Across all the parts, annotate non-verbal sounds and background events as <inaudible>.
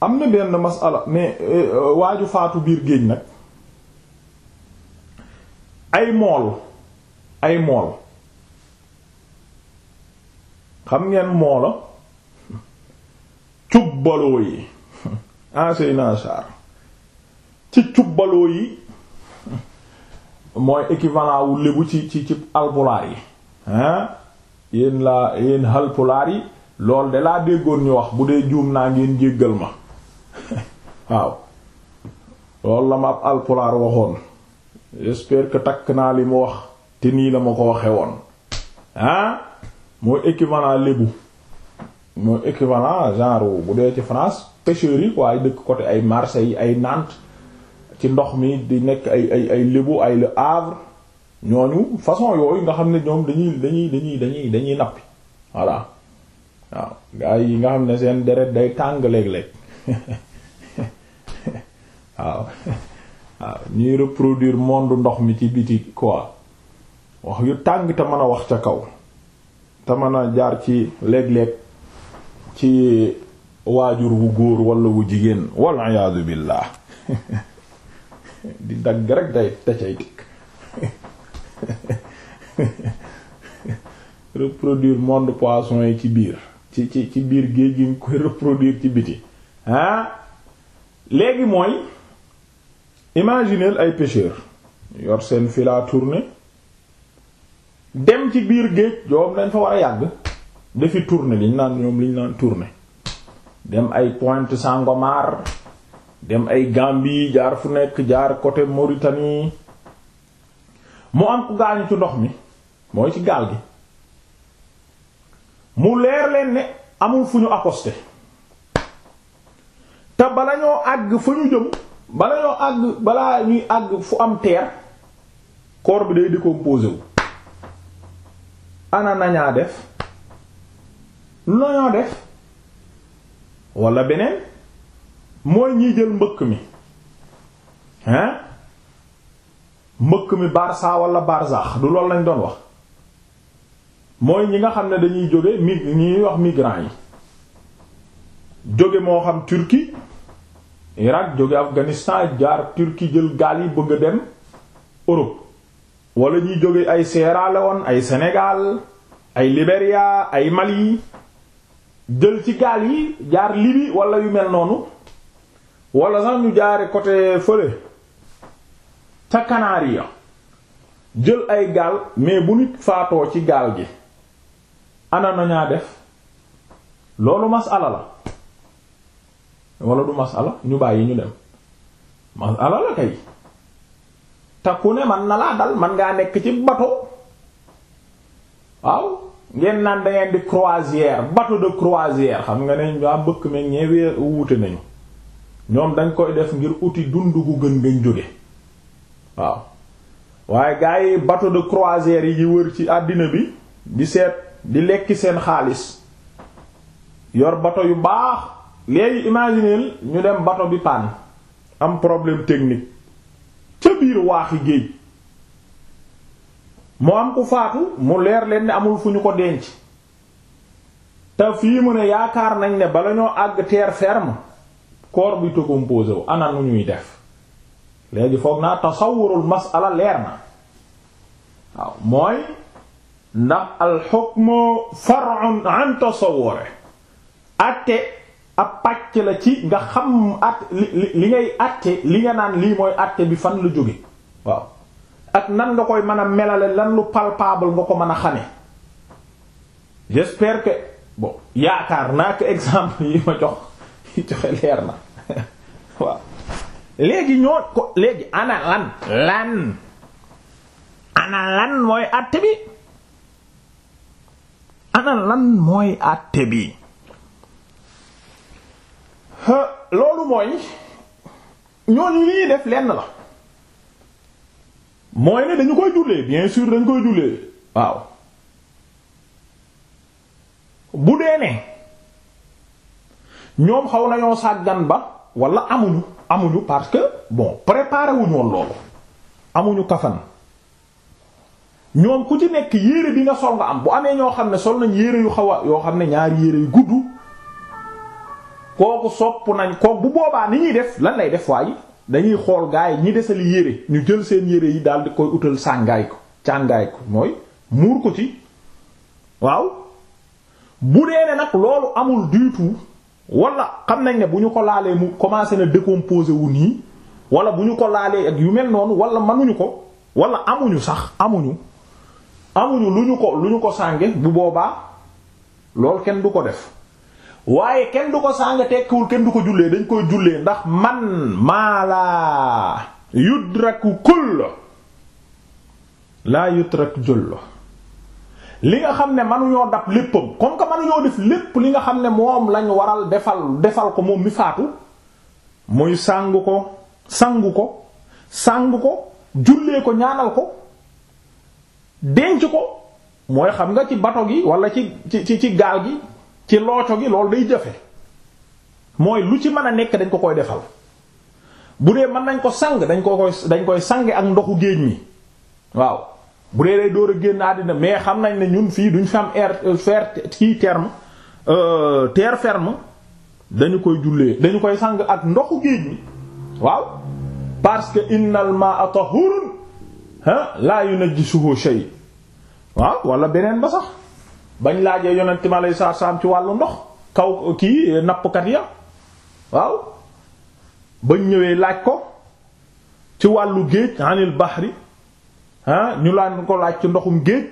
am na benn masala mais euh, waaju faatu biir géej nag ay mool ay mool xam ngeen moola cubbaloo yi ah, enseignant char ci cubbaloo yi mooy équivalent wu lébu ci ci alpulaar yi hein yéen laa yéen halpulaar yi lool de laa déggoon ñu wax bu dee juum naa ngeen jéggal ma waaw loolu la ma ab alpulaar waxoon j'espère que takk naa li mu wax te nii la ma ko waxee woon ah mooy équivalent lébu mooy équivalent genre bu dee ci France pêcheurs yi waaye dëkk côté ay Marseille ay Nantes ci ndox mi di nekk ay ay ay lébu ay Le Havre ñooñu façon yooyu nga xam ne ñoom dañuy dañuy dañuy dañuy dañuy nappi voilà waaw gars yi nga xam ne seen deret day tàng léeg-léeg <laughs> waaw waaw ñuy reproduire monde ndox mi ci biti quoi wax yu tàng te mën a wax ca kaw te mën a jaar ci léeg-léeg ci waajur wu góor walla wu jigéen walla iyaadu billaah <laughs> di dagg rek day tecay dikk <laughs> reproduire monde poisson yi ci biir ci ci ci biir géej gi nga koy reproduire ci biti ah léegi mooy imaginez ay pêcheurs yor seen fila tourné dem ci biir géej joom dañ fa war a yàgg dafi tourné liñ naan ñoom liñ naan tourné dem ay Pointe Sangomar dem ay Gambie jaar fu nekk jaar côté Mauritanie mu am ku gaañu ci ndox mi mooy ci gaal gi mu leer leen ne amul fu ñu accosté te bala ñoo àgg fa ñu jëm bala ñoo àgg balaa ñuy àgg fu am terre corps bi day décomposé wu ana nañaa def nañoo def wala beneen mooy ñiy jël mbëkk mi hein mbëkk mi barça wala barzaax du loolu lañ doon wax mooy ñi nga xam ne dañuy jóge mi ñuy wax migrants yi jóge moo xam Turquie Irak jóge Afghanistan jaar Turquie jël gaal yi bëgg a dem Europe wala ñuy jóge ay Sierra Leone ay senegaal ay Libéria ay Mali jël ci gaal yi jaar Libye walla yu mel noonu wala sax ñu jaare côté fële ca Canaries jël ay gaal mais bu nit faatoo ci gaal gi ana na ñaa def loolu masala la wala du masala ñu bàyyi ñu dem masala la kay te ku ne man na laa dal man ngaa nekk ci bateau waaw ngeen naan da ngeen di croisière bateau de croisière xam nga ne waa bëkk meeg ñeewee wuute nañu ñoom dañ koy def ngir uti dund gu gën ngañ jóge waaw waaye gars yi bateau de croisière yi wër ci àddina bi di seet di lekki seen xaalis yor bateau yu baax léegi imagineel ñu dem bato bi panne am problème technique ca biir waaxi géej mu am ku faatu mu leer leen ne amul fu ñu ko denc te fii mu ne yaakaar nañ ne bala ñoo àgg terre ferme corps bi décomposé wu ana nu ñuy def léegi foog naa tasawurul masala leer na waaw mooy ndax al hukmu far'un an tasawwure ab pàcc la ci nga xam at li li ngay àtte li nga naan lii mooy àtte bi fan lu jóge waaw ak nan nga koy mën a melale lan lu palpable nga ko mën a xame j'espère que bon yaakaar naa ko exemple yi ma jox yi joxe leer na <laughs> waaw léegi ñoo ko léegi ana lan lan ana lan mooy àtte bi ana lan mooy àtte bi loolu mooy ñooñu li ñuy def lenn la mooy ne dañu koy jullee bien sûr dañu koy jullee waaw bu dee ne ñoom xaw nañoo sàggan ba wala amuñu amuñu parce que bon préparé wuñu loolu amuñu kafan ñoom ku ci nekk yére bi nga sol nga am bu amee ñoo xam ne sol nañ yére yu xaw yoo xam ne ñaari yére yu gudd. kooku sopp nañ kooku bu boobaa ni ñuy def lan lay def waaye dañuy xool gaa yi ñi desali yére ñu jël seen yére yi daal di koy utal sàngaay ko càngaay ko mooy muur ko ci waaw bu dee ne nag loolu amul du tout wala xam nañ ne bu ñu ko laalee mu commencé na décomposer wu nii wala bu ñu ko laalee ak yu mel noonu wala mënuñu ko wala amuñu sax amuñu amuñu lu ñu ko lu ñu ko sànge bu boobaa loolu kenn du ko def waaye kenn du ko sàng tekkiwul kenn du ko jullee dañ koy jullee ndax man maa laa yudraku kull laa yutrak jullu li nga xam ne manuñoo dab léppam comme que manuñoo def lépp li nga xam ne moom lañu waral defal defal ko moom mi faatu muy sàng ko sangu ko sàng ko jullee ko ñaanal ko denc ko mooy xam nga ci bato gi wala ci ci ci gaal gi ci looco gi loolu day jafe mooy lu ci mën a nekk dañ ko koy defal bu dee mën nañ ko sang dañ ko koy dañ koy sange ak ndoxu géej mi waaw bu dee day door a génn àddina mais xam nañ ne ñun fii duñ fi am air euh, fer kii terme euh, terre ferme dañu koy jullee dañu koy sang ak ndoxu géej mi waaw parce que innal ma'a tahurun ha la yunajjisuhu shay waaw wala beneen ba sax bañ laajee yonent mi alayhi salaatu salaam ci wàllu ndox kaw ki nappkat ya waaw bañ ñëwee laaj ko ci wàllu géej anil bahri ah ñu laan ko laaj ci ndoxum géej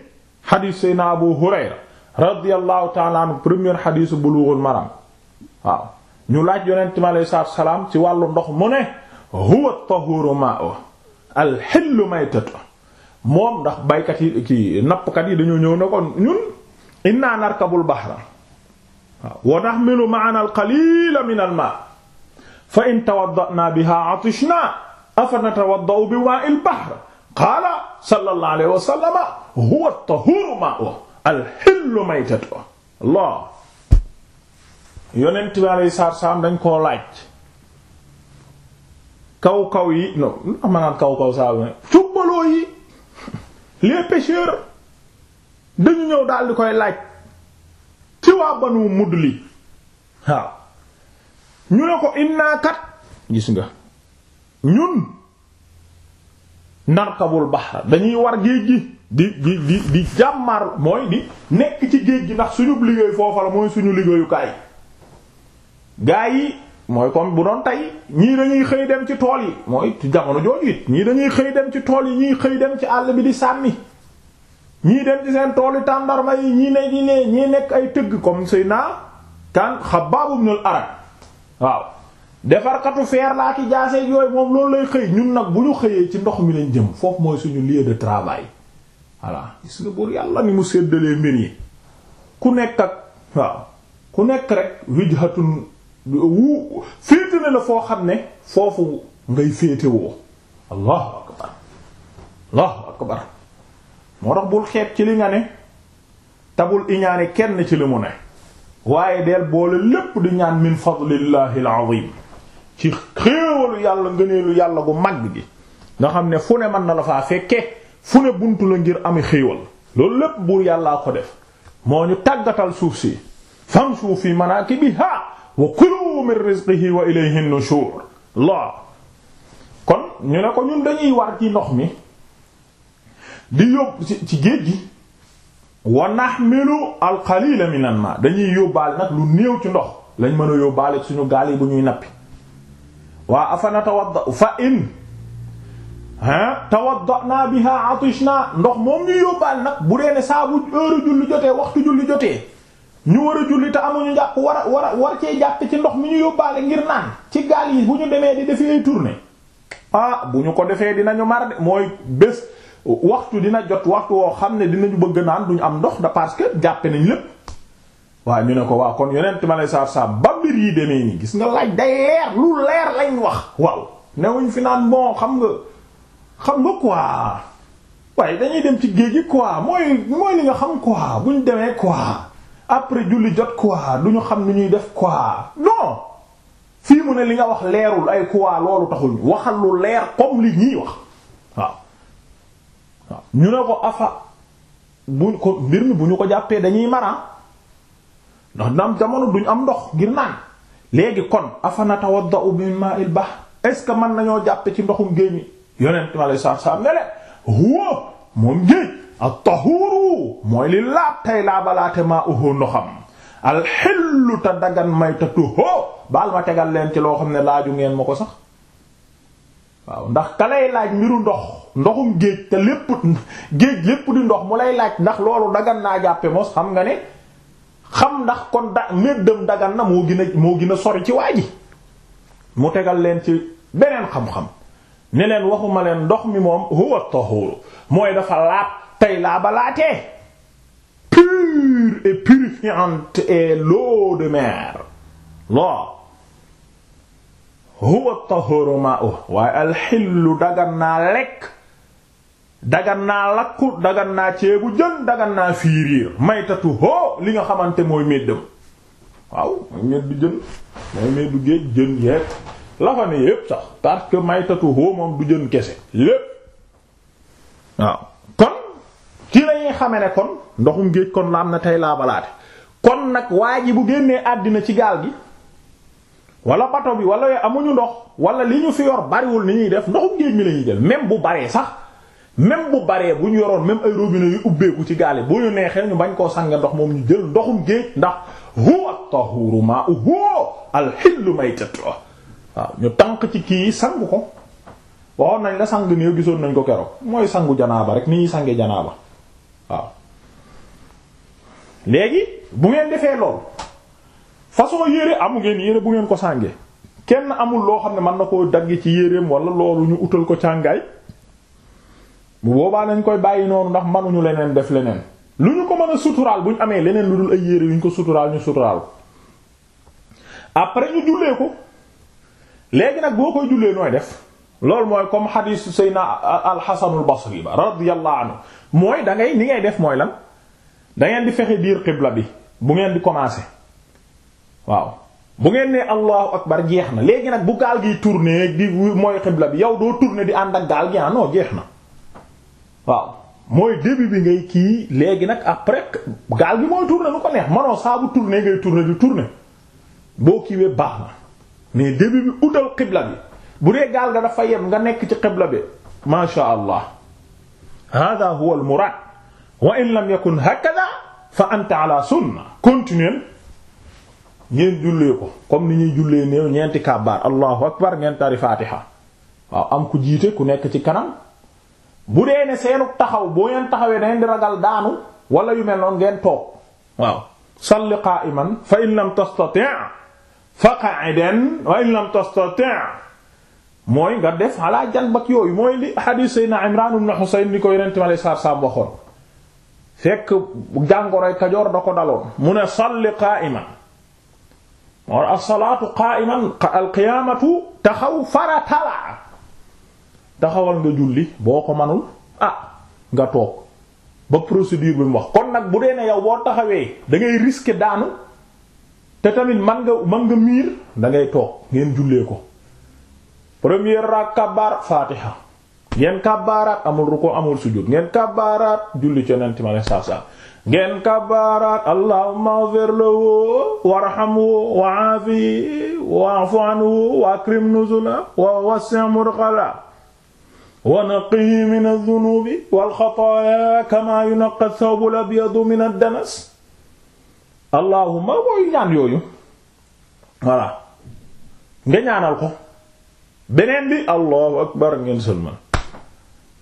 xadiis sayna Abu Hurayra radiyallahu ta'ala anhu premier xadiisu Bulughul Maram waaw ñu laaj yonent mi alayhi salaatu salaam ci wàllu ndox mu ne huwa tahuru ma'u al hillu maytatu moom ndax baykat yi ki nappkat yi dañoo ñëw ne kon ñun inna narkabul bahra wa nahmilu ma'ana al-qalila min al-ma' fa in tawadda'na biha 'atishna afa natawadda'u bi ma'il bahr qaala sallallahu alayhi wa sallam huwa at-tahuru ma'uhu al-hillu maytatuhu Allah yonent bi alayhi salaam dañ koo laaj kaw kaw yi non manaan kaw kaw saa yu ne cubbaloo yi <laughs> les pêcheurs dañu ñëw daal di koy laaj ci waa mudd li waaw ñu ne ko innaakat gis nga ñun narkabul bahra dañuy war géej gi di di di di jàmmar mooy di nekk ci géej gi ndax suñu liggéey foofa la mooy suñu liggéeyukaay gaa yi mooy comme bu doon tey ñii dañuy xëy dem ci tool yi mooy ci jamono jooju it ñii dañuy xëy dem ci tool yi ñii xëy dem ci àll bi di sànni ñii dem ci seen toolu tàndarma yi ñii ne ñi ne ñii nekk ay tëgg comme sëy naa kan Xabbaab ibn al-Arat waaw defarkatu feer laa ki jaaseeg yooyu moom loolu lay xëy ñun nag bu ñu xëyee ci ndox mi lañ jëm foofu mooy suñu lieu de travail gis nga buur yàlla ni mu séddalee mbir yi ku nekk ak waaw ku nekk rek wijhatun wu féete na la foo xam ne foofu ngay féete allahu akbar allahu akbar moo tax bul xeet ci li nga ne te bul kenn ci li mu ne waaye del boole lépp di ñaan min fadlillahi alazim ci xéewalu yàlla ngëneelu yàlla gu mag gi nga xam ne fu ne mën na la faa fekke fu ne buntu la ngir ami xéewal loolu lépp buur yàllaa ko def moo ñu tàggatal suuf si famshu fi manakibiha wa kulu min rizqihi wa ilayhi nushur la kon ñu ne ko ñun dañuy war ci ndox mi di yóbbu ci ci géej gi wa nahmilu al qalila minan ma dañuy yóbbaale nag lu néew ci ndox lañ mën a yóbbaale suñu gaal yi bu ñuy nappi waa afana tawadda fa naa ah tawaddana biha atishna ndox moom ñu yóbbaale nag bu dee saabu saa bu heure julli jotee waxtu julli jotee ñu war a julli te amuñu jàpp war war war cee jàpp ci ndox mi ñu yóbbaale ngir naan ci gaal yi bu ñu demee di defee turne tournée ah bu ñu ko defee dinañu mar de mooy bés waxtu dina jot waxtu woo xam ne dinañu bëgg naan duñu am ndox da parce que jàppe nañ lépp waa ñu ne ko waa kon yonent ma lay saaf saaf ba mbir yi demee nii gis nga laaj day leer lu leer lañ wax waaw newuñ fi naan bon xam nga xam nga quoi waaye dañuy dem ci géej gi quoi mooy mooy li nga xam quoi bu ñu demee quoi après julli jot quoi du ñu xam ni ñuy def quoi non fii mu ne li nga wax leerul ay quoi loolu taxuñ waxal lu leer comme li ñuy wax. ñu ne ko afa bu ko mbir mi bu ñu ko jàppee dañuy mara ndax dam jamono duñ am ndox ngir naan léegi kon afa natawaddau min ma'il bahr est-ce que mën nañoo jàppe ci ndoxum géej mi yonent mi alei satu salaam ne leen huwa moom géej at-tahuru mooy li laab tay laabalaate maa uhoo ndoxam alxillu te may ta tuhoo baal ma tegal leen ci loo xam ne laaju ngeen ma ko sax waaw ndax ka laaj mbiru ndox ndoxum géej te lépp <laughs> géej lépp di ndox mu lay laaj ndax loolu dagan naa jàppe mos xam nga ne xam ndax kon da méddam dagan na moo gën moo gën a sori ci waa mu tegal leen ci beneen xam-xam ne leen waxuma leen ndox mi moom huwa tahur mooy dafa laab tey laa ba laatee pur et purifiante et l'eau de mer lo huwa tahuru ma'u waaye alxillu dagan naa lekk dagan naa lakku dagan naa ceebu jën dagan naa fiiriir maytatu hoo li nga xamante mooy meddam waaw mooy meddu jën mooy meddu géej jën yeeg la ne yépp sax parce que maytatu hoo moom du jën kese lépp waaw kon ci lañuy xame ne kon ndoxum géej kon la am na tey laa balaate kon nag waa ji bu génnee àddina ci gaal gi wala bato bi wala amuñu ndox wala li ñu fi yor bariwul ni ñuy def ndoxum géej mi la jël même bu baree sax même bu baree bu ñu yoroon même ay robinet yu ubbeeku ci gaale bu ñu neexee ñu bañ koo sànge ndox moom jël ndoxum géej ndax huwa tahuru ma'uhu ah. ñu tànk ci kii sangu ko waxoon nañ la sang néew gisoon nañ ko keroog mooy sangu janaaba rek ni ñuy sange janaaba waaw léegi bu ngeen defee lool façon yére amu ngeen yére bu ngeen ko sàngee kenn amul loo xam ne mën na koo dagg ci yéreem wala loolu ñu utal ko càngaay bu boobaa nañ koy bàyyi noonu ndax mënuñu leneen def leneen lu ñu ko mën a suturaal bu ñu amee leneen lu dul ay yére yu ñu ko suturaal ñu suturaal après ñu jullee ko léegi nag boo koy jullee nooy def loolu mooy comme xadiis Seydina alxasanul basri ba radiyallahu anhu mooy da ngay ni ngay def mooy lan dangeen di fexe biir xibla bi bu ngeen di commencer. waaw bu ngeen nee allahu akbar jeex na léegi nag bu gaal giy tourner di mooy xibla bi yow doo tourner di ànd ak gaal gi ah jeex na waaw mooy début bi ngay kii léegi nag après gaal gi mooy tourner lu ko neex manoo saa bu ngay tourner di tourner boo kiiwee baax na mais début bi utal xibla bi bu dee gaal ga dafa yem nga nekk ci xibla bi masha allah hada huwa al murad wa lam yakun hakada fa anta ala sunna continuer ngeen jullee ko comme ni ñuy jullee néew ñeenti kàbbaar allahu akbar ngeen tari faatiha waaw am ku jiite ku nekk ci kanam bu dee ne seenu taxaw boo ngeen taxawee na ngeen di ragal daanu wala yu mel noonu ngeen toog waaw salli qa'iman fa in lam tastati' fa qa'idan wa in lam tastati' mooy nga def ala janbak yooyu mooy li hadith sayna Imran ibn Husayn ni ko yonente mi aleye waxoon fekk jàngoroy kajoor da ko daloon mu ne salli qa'iman moon as-salaatu qaa'iman al-qiyaamatu taxaw faratala taxawal nga julli boo ko manul ah nga toog ba procédure bi mu wax kon nag bu dee ne yow boo taxawee da ngay risquer daanu te tamit man nga man nga miir da ngay toog ngeen jullee ko première rak kabbaar faatiha ngeen kabbaaraat amul ko amul sujud ngeen kabbaaraat julli ci ma ne saa saa ngeen kabaaraat allahumma ighfir lahu warhamhu wa aafihi wa'fu anhu wa akrim nuzulahu wa min adh-dhunubi wal khataaya kama yunqqa ath-thawbu al-abyadu min ad-danas allahumma mooy ñaan yooyu voilà nga ñaanal ko beneen bi allahu akbar ngeen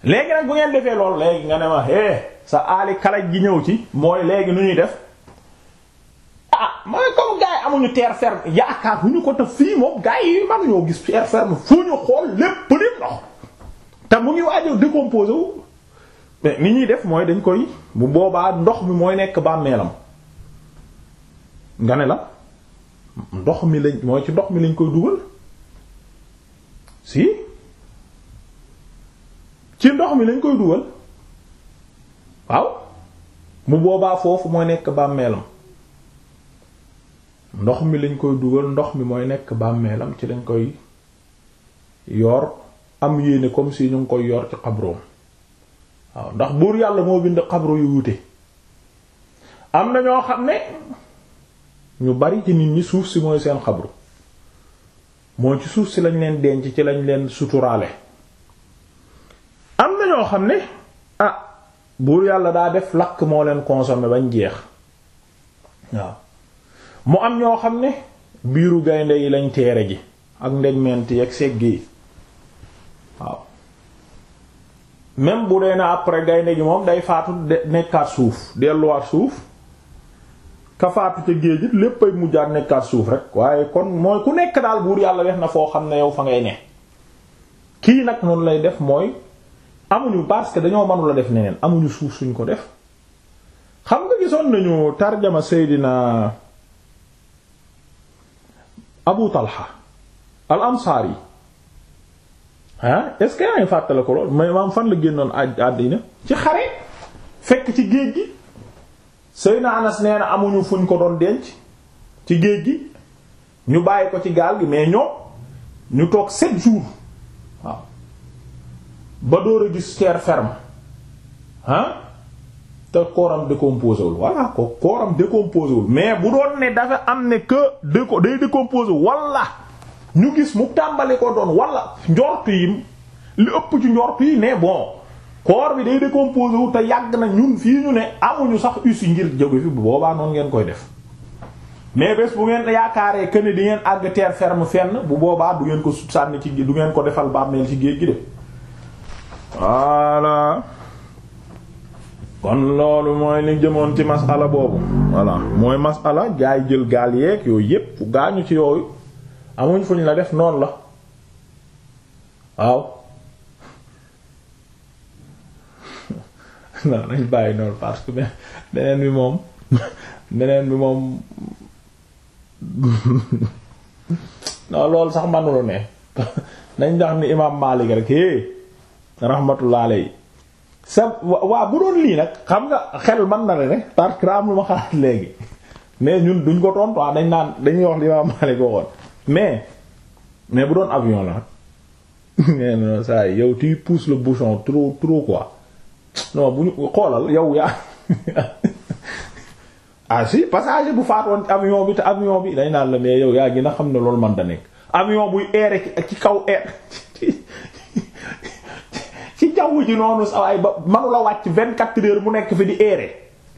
ngeen defee lool léegi sa aali kalaj gi ñëw ci mooy léegi nu ñuy def ah mooy comme gars amuñu teer ferme yaakaar ñu ko te fii moom gars yi man ñoo gis terre ferme fu ñu xool lépp lépp ndox te mu ngi waaj a décomposé wu mais ni ñuy def mooy dañ koy bu boobaa ndox mi mooy nekk bàmmeelam nga ne la ndox mi lañ mooy ci ndox mi lañ koy dugal si ci ndox mi lañ koy dugal. waaw bu boobaa foofu mooy nekk bàmmeelam ndox mi lañ koy dugal ndox mi mooy nekk bàmmeelam ci lañ koy yor am yéene comme si ñu ngi koy yor ci xabroom waaw ndax buur yàlla moo bind xabro yu wute am na ñoo xam ne ñu bari ci nit ñi suuf si mooy seen xabru moo ci suuf si lañ leen denc ci lañ leen suturaale am na ñoo xam ne buur yàlla daa def lakk moo leen consommer bañ jeex waaw mu am ñoo xam ne biiru gaynde yi lañ teere ji ak ndegment yi ak segg yi waaw même bu dee na après gaynde gi moom day faatu nekkaat suuf delluwaat suuf ka faatu ca géej lépp ay mujjaat nekkaat suuf rek waaye kon mooy ku nekk daal buur yàlla def na foo xam ne yow fa ngay ne kii nag noonu lay def mooy amuñu parce que dañoo mënula def neneen amuñu suuf suñ ko def xam nga gisoon nañu tarjama seydina abu talha al ansaar yi ah est-ce que yaa ngi fàttale ko lool mais maam fan la génnoon àddina ci xare fekk ci géej gi seydina anas nee amuñu fuñ ko doon denc ci géej gi ñu bàyyi ko ci gaal gi mais ñoom ñu toog sept jours waaw ba door a gis terre ferme ah te kooram décomposé wul voilà ko kooram décomposé wul mais bu doon ne dafa am ne que déco day décomposé wala ñu gis mu tàmbali ko doon wala njort yi li ëpp ci njort yi ne bon koor bi day décomposé wu te yàgg na ñun fii ñu ne amuñu sax us ngir jóge fi bu boobaa noonu ngeen koy def mais bés bu ngeen yaakaaree que ne di ngeen àgg terre ferme fenn bu boobaa du ngeen ko sànni ci du ngeen ko defal bàmmeel ci géej gi de. voilà kon loolu mooy li jëmoon ci masala boobu voilà mooy masala gaa yi jël gaal yeeg yooyu yépp gaañu ci yooyu amuñ fuñ la def noonu la waaw <laughs> non nañ bàyyi noonu parce que beneen bi moom <laughs> beneen bi moom <laughs> non loolu sax manula ne nañ ndax ni imaam Maalik rek eh. rahmatullah alayhi sa waa bu doon lii nag xam nga xel mën na la ne parce que lu ma xalaat léegi mais ñun duñ ko tontu ah, dañ naan dañuy wax li ma Maalik waxoon mais mais bu doon avion la mais <laughs> yow tu pousses le bouchon trop trop quoi bu xoolal yow yaa <laughs> ah si passager bu faatoon avion bi te avion bi dañ naan la mais yow yaa gën xam ne loolu man da nekk avion buy eere ci kaw eer <laughs> jaww ji noonu sawaay ba manula wàcc vingt quatre heures bu nekk fi di eere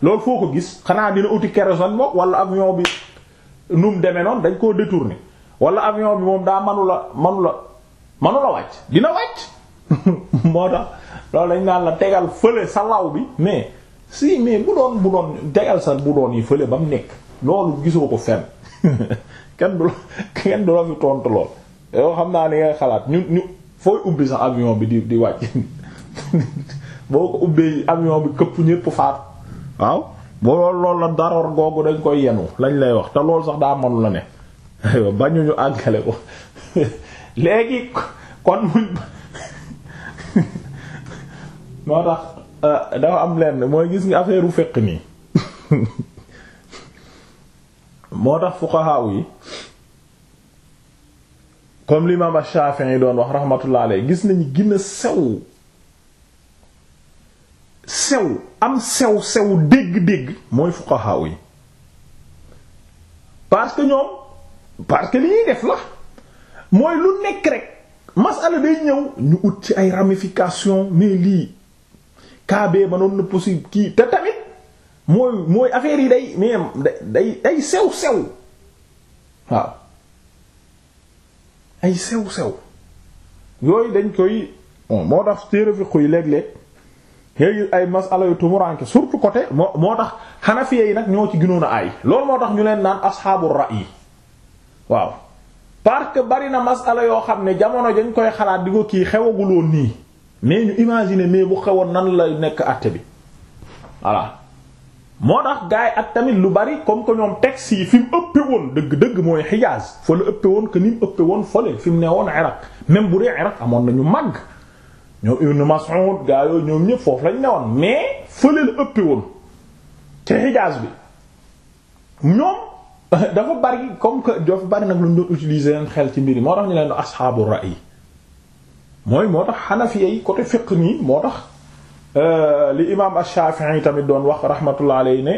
loolu foo ko gis xanaa dina uti kérosène moom wala avion bi nu mu demee noonu dañ koo détourné wala avion bi moom daa la manula la wàcc dina wàcc <laughs> moo tax loolu dañ naan la tegal fële sa law bi mais si mais bu doon bu doon tegal sa bu doon yi fële ba mu nekk loolu gisoo ko fenn <laughs> kenn du <laughs> kenn du la fi tontu lool yoo xam naa ni ngay xalaat ñu ñu fooy ubbi sax avion bi di di wàcc <laughs> boo ko ubbee avion bi këpp ñépp faat waaw boo loolu loolu la daroor googu dañ koy yenu lañ lay wax te lool sax daa manu la ne <laughs> aywa bañuñu àggale ko <laughs> léegi kon muy moo tax euh, dafa am lenn mooy gis nga affaire u nii moo tax fuqaha yi comme l'imam Shafi'i doon wax rahmatullah alayhi gis nañu gën sew sew am sew sew dégg-dégg mooy fuqaha yi parce que ñoom parce que li ñuy def la mooy lu nekk rek masala day ñëw ñu ut ci ay ramification mais lii kaabee manoon na possible kii te tamit mooy mooy affaire yi day mais day day sew sew waaw ay sew sew yooyu dañ koy bon moo tax téere fiqh yi léeg-léeg ngay ay masala yu tumuranke surtout côté moo moo tax xanafiye yi nag ñoo ci gënoon ay aay loolu moo tax ñu leen naan asxaabu ra'yi waaw parce que bari na masala yoo xam ne jamono jañ koy xalaat di ko kii xewaguloon nii mais ñu imaginer mais bu xewoon nan la nekk àtte bi voilà moo tax gars yi ak tamit lu bari comme que ñoom texte yi fi mu ëppe woon dëgg-dëgg mooy Hijaz fa la ëppe woon que ni mu woon fële fi mu ne woon Irak même bu dee Irak amoon nañu màgg ñoom Ibn Mas'ud gaa yooyu ñoom ñëpp foofu lañ woon mais fële la ëppee woon te Hijaz bi ñoom <laughs> dafa bari comme dafa bari nag lu ñu doon utiliser leen xel ci mbir yi moo tax ñu leen doon asxaabu ra'yi mooy moo tax xanafiya yi côté fiqh nii moo tax euh, li imaam ash-Shafi'i tamit doon wax rahmatullah alayhi ne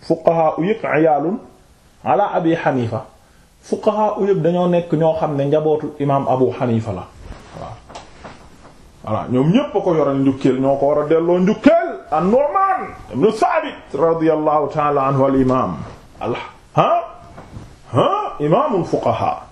fuqaha yëpp yëpp dañoo nekk ñoo xam ne njabootu imaam abu xanifa la waaw. voilà ñoom ñépp a ko yoral njukkeel ñoo ko war a delloo njukkeel an-Nu'man ibn Thabit radiyallahu ta'ala anhu al imam al ha ha imamul fuqaha